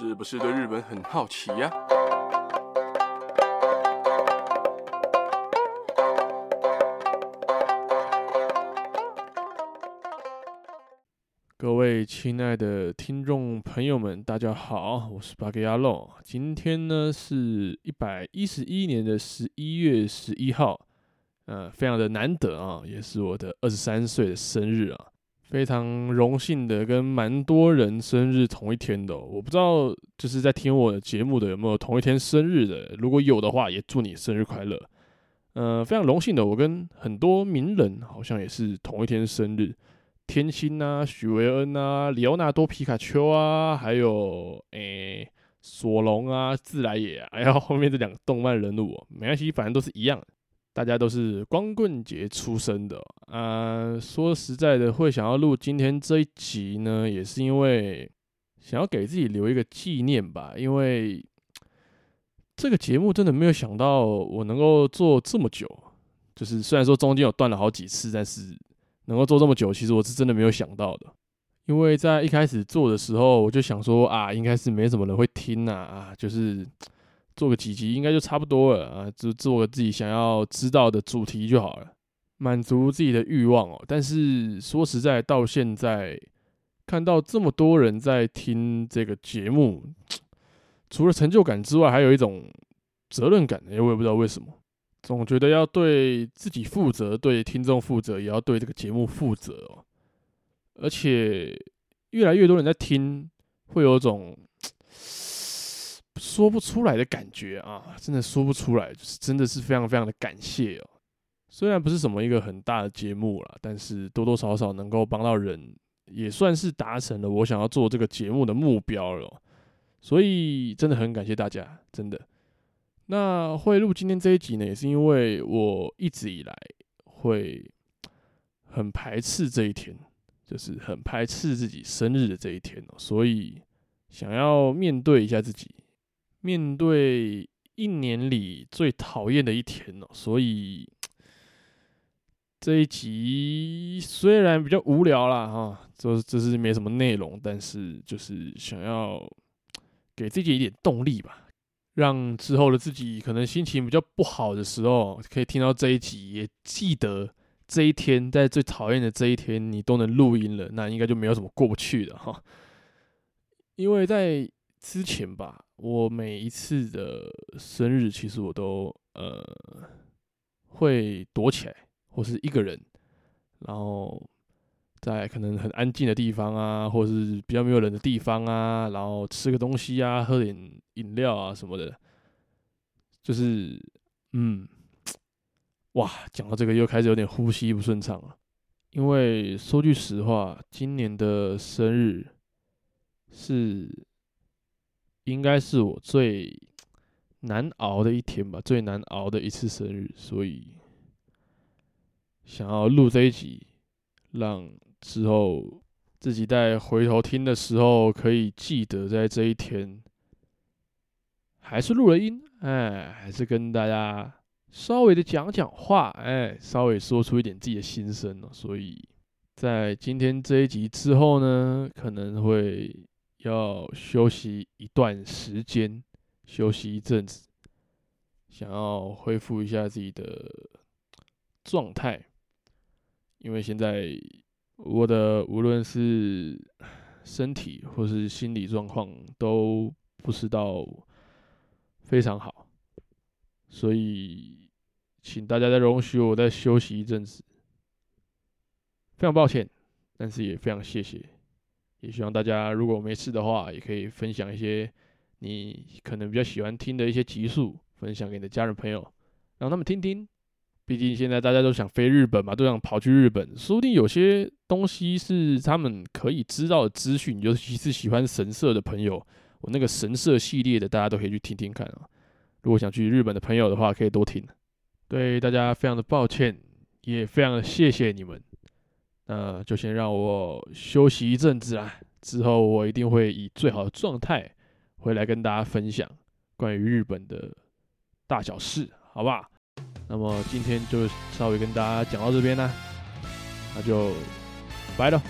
是不是對日本很好奇呀、啊？各位親愛的聽眾朋友們，大家好，我是八格牙路。今天呢是一百一十一年的十一月十一號，呃，非常的難得啊，也是我的二十三歲的生日啊。非常榮幸的跟蠻多人生日同一天的，喔，我不知道就是在聽我的節目的有沒有同一天生日的，如果有的話也祝你生日快樂。嗯，非常榮幸的，我跟很多名人好像也是同一天生日，天心吶、啊、許維恩吶、啊、里奧納多、皮卡丘啊，還有誒、欸、索隆啊、自來也、啊，然後後面這兩個動漫人物，喔，沒關係，反正都是一樣的。大家都是光棍節出生的，呃，說實在的，會想要錄今天這一集呢，也是因為想要給自己留一個紀念吧。因為這個節目真的沒有想到我能夠做這麼久，就是雖然說中間有斷了好幾次，但是能夠做這麼久，其實我是真的沒有想到的。因為在一開始做的時候，我就想說啊，應該是沒什麼人會聽啊，啊，就是。做個幾集應該就差不多了啊，就做個自己想要知道的主題就好了，滿足自己的慾望哦。但是說實在，到現在看到這麼多人在聽這個節目，除了成就感之外，還有一種責任感。哎，我也不知道為什麼，總覺得要對自己負責，對聽眾負責，也要對這個節目負責哦。而且越來越多人在聽，會有種。說不出來的感覺啊，真的說不出來，就是真的是非常非常的感謝哦。雖然不是什麼一個很大的節目啦，但是多多少少能夠幫到人，也算是達成了我想要做這個節目的目標了哦。所以真的很感謝大家，真的。那會錄今天這一集呢，也是因為我一直以來會很排斥這一天，就是很排斥自己生日的這一天哦，所以想要面對一下自己。面對一年裡最討厭的一天了喔，所以這一集雖然比較無聊啦哈，這就是沒什麼內容，但是就是想要給自己一點動力吧，讓之後的自己可能心情比較不好的時候，可以聽到這一集，也記得這一天，在最討厭的這一天，你都能錄音了，那應該就沒有什麼過不去的哈，因為在。之前吧，我每一次的生日，其實我都呃會躲起來，或是一個人，然後在可能很安靜的地方啊，或是比較沒有人的地方啊，然後吃個東西啊，喝點飲料啊什麼的。就是嗯，哇，講到這個又開始有點呼吸不順暢了，因為說句實話，今年的生日是。應該是我最難熬的一天吧，最難熬的一次生日，所以想要錄這一集，讓之後自己在回頭聽的時候可以記得在這一天，還是錄了音，哎，還是跟大家稍微的講講話，哎，稍微說出一點自己的心聲喔，所以，在今天這一集之後呢，可能會。要休息一段時間，休息一陣子，想要恢復一下自己的狀態，因為現在我的無論是身體或是心理狀況都不是到非常好，所以請大家再容許我再休息一陣子。非常抱歉，但是也非常謝謝。也希望大家如果沒事的話，也可以分享一些你可能比較喜歡聽的一些集數，分享給你的家人朋友，讓他們聽聽。畢竟現在大家都想飛日本嘛，都想跑去日本，說不定有些東西是他們可以知道的資訊。尤其是喜歡神社的朋友，我那個神社系列的，大家都可以去聽聽看啊、哦。如果想去日本的朋友的話，可以多聽。對大家非常的抱歉，也非常的謝謝你們。那就先讓我休息一陣子啦，之後我一定會以最好的狀態回來跟大家分享關於日本的大小事，好吧？那麼今天就稍微跟大家講到這邊啦。那就拜了。